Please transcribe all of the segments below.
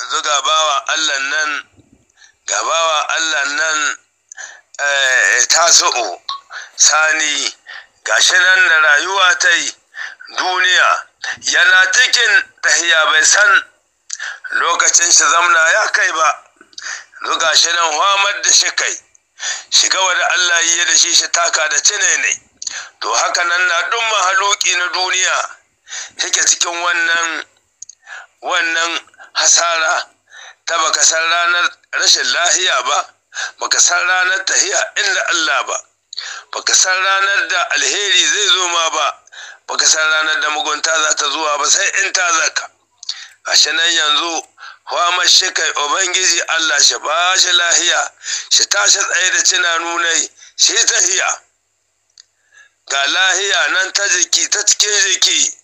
yanzu ga bawa Allah nan ga bawa Allah nan eh, sani gashi nan da rayuwa ta yi duniya yana cikin tahiya bai san lokacin shi zamna ya kai ba zuga shi nan hamar da shi kai shiga wada Allah yi da shi shi taka da cine ne to haka nan na dun mahaluki na duniya take cikin wannan hasara ta baka san ranar rashin lahiya ba baka san ranar tahiya inda Allah ba baka san ranar da alheri zai zo ma ba baka san ranar da mugunta za ta zuwa ba sai in ta zaka nan yanzu famar shi kai ubangiji Allah shi ba shi lahiya shi tashi tsaye da cina nunai shi tahiya ga lahiya nan ta jiki ta cikin jiki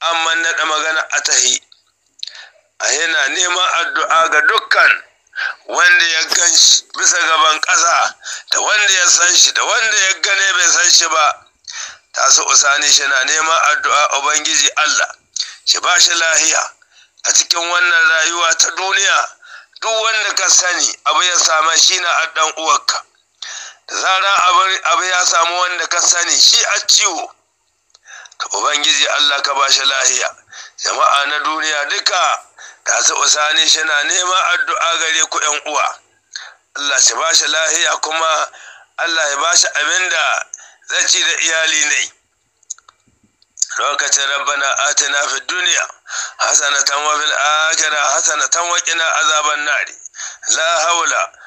amma naɗa magana a tahi yana neman addu'a ga dukkan wanda ya gan shi bisa gaban ƙasa da wanda ya san shi da wanda ya gane bai san shi ba su usani shi na neman addu'a ubangiji allah shi ba shi lahiya a cikin wannan rayuwa ta duniya duk wanda ka sani abu ya same shi na addan uwarka da zara abu ya samu wanda ka sani shi a ciwo to ubangiji allah ka ba shi lahiya jama'a na duniya duka ɗazu usani shina neman addu'a gare ku ‘yan uwa Allah shi ba shi lahiya kuma Allah ya ba shi abin da zai ci da iyali ne lokacin rabbana atina fi duniya hasanatan wa fil akhirah hasanatan wa qina azaban nari la haula